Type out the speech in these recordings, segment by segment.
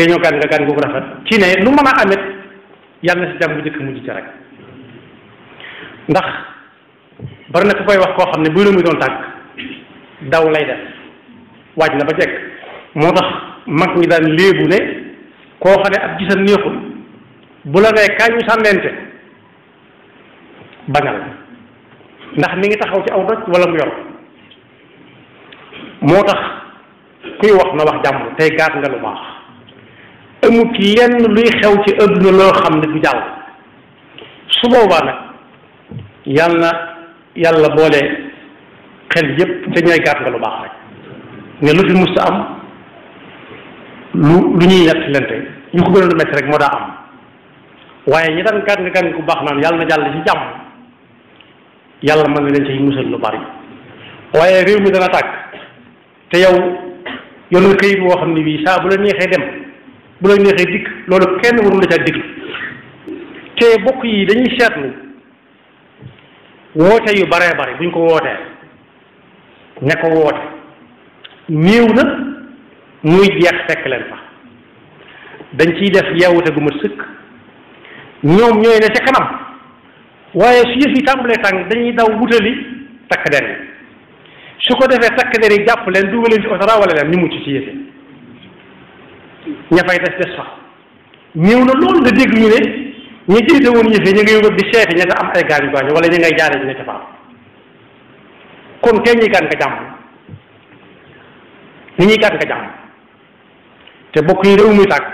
te ñoo gan nga gan gu rafet ci ne lu mën a amit yàlla na si jàmm bu njëkk mujj ci rek ndax bari na ku koy wax koo xam ne buy la muy doon tàgg daw lay def waaj na ba jekk moo tax mag ñi daan léebu ne koo xam ne ab gisal neexul bu la nee kaay ñu sànnente bañal ndax mi ngi taxaw ci aw doj wala mu yor moo tax kuy wax na wax jàmm tey gaat nga lu baax amut lenn luy xew ci adduna loo xam ne du jàll su boobaa nag yàlla na yàlla boole xel yépp te ñooy gàtt nga lu baax rek ne lu fi musta am lu lu ñuy ñett lente ñu ko gënoon a métti rek moo daa am waaye ñi daan gàtt nga gàtt ku baax naan yàlla na jàll ci jàmm yàlla mën na leen ci musal lu bari waaye réew mi dana tàkk te yow yoonu këyit woo xam ne bii saa bu la neexee dem bu la neexee dikk loolu kenn warul la caa diglu te bokk yi dañuy seetlu woote yu baree bare buñ ko wootee ña ko woote néew na muy jeex fekk leen fa dañ ciy def yeewute gu mat sëkk ñoom ñooy ne ca kanam waaye su yëf yi tàmbalee tàng dañuy daw wutali takk der yi su ko defee takk der yi jàpp leen dugal leen ci oto leen ñu mucc ci yëf ña fay des des fa néew na loolu nga dégg ñu ne ñi jiite woon yëf yi ñu ngi yóbbu di seeti ña nga am ay gaañu gaañu wala ña ngay jaare ñu ne ca faam kon jàmm ni ñuy gaan te bokk yi réew muy tàkk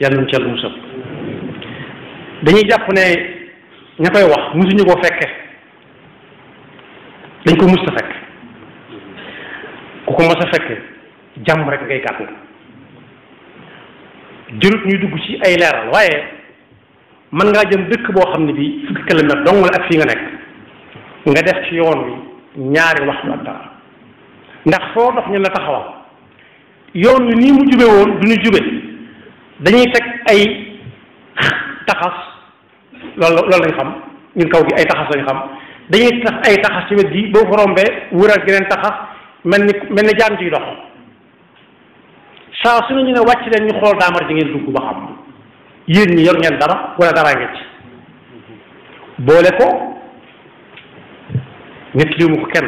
yàlla nañ ci yàlla musal dañuy jàpp ne ña koy wax musuñu ko fekke dañ ko mus a fekk ku ko mas a fekke jàmm rek ngay gàtt nga jërut ñuy dugg ci ay leeral waaye mën ngaa jëm dëkk boo xam ne bii fukki kilomètre dong la ak fii nga nekk nga def ci yoon wi ñaari waxtu ak dara ndax foo dox ñu la taxawal yoon wi nii mu jube woon du ñu jube dañuy teg ay taxas loolu loolu lañ xam ñun kaw gi ay taxas lañ xam dañuy tax ay taxas ci wet gi boo ko rombee wëral geneen taxas mel ni mel ni jaan ciy dox saa su ne ñu ne wàcc leen ñu xool daamar ji ngeen dugg ba xam yéen ñi yor ngeen dara wala dara nga ci boole ko nit li mu ko kenn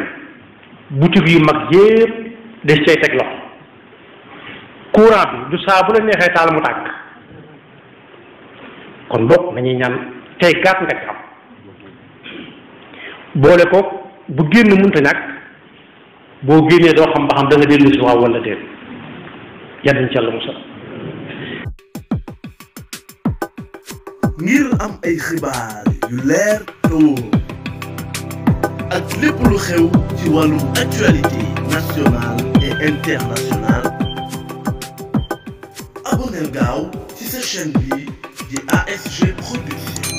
boutique yu mag yépp des cay teg loxo courant bi du saa bu la neexee taal mu tàkk kon boog nañuy ñaan tey gàtt nga ci boole ko bu génn mënta nag boo génnee doo xam ba xam da nga dellu si waaw wala déet yàlla nañ ci ngir am ay xibaar yu leer te wóor ak lépp lu xew ci wàllum actualité nationale et internationale abonnez gaaw ci cette chaîne bi di ASG Production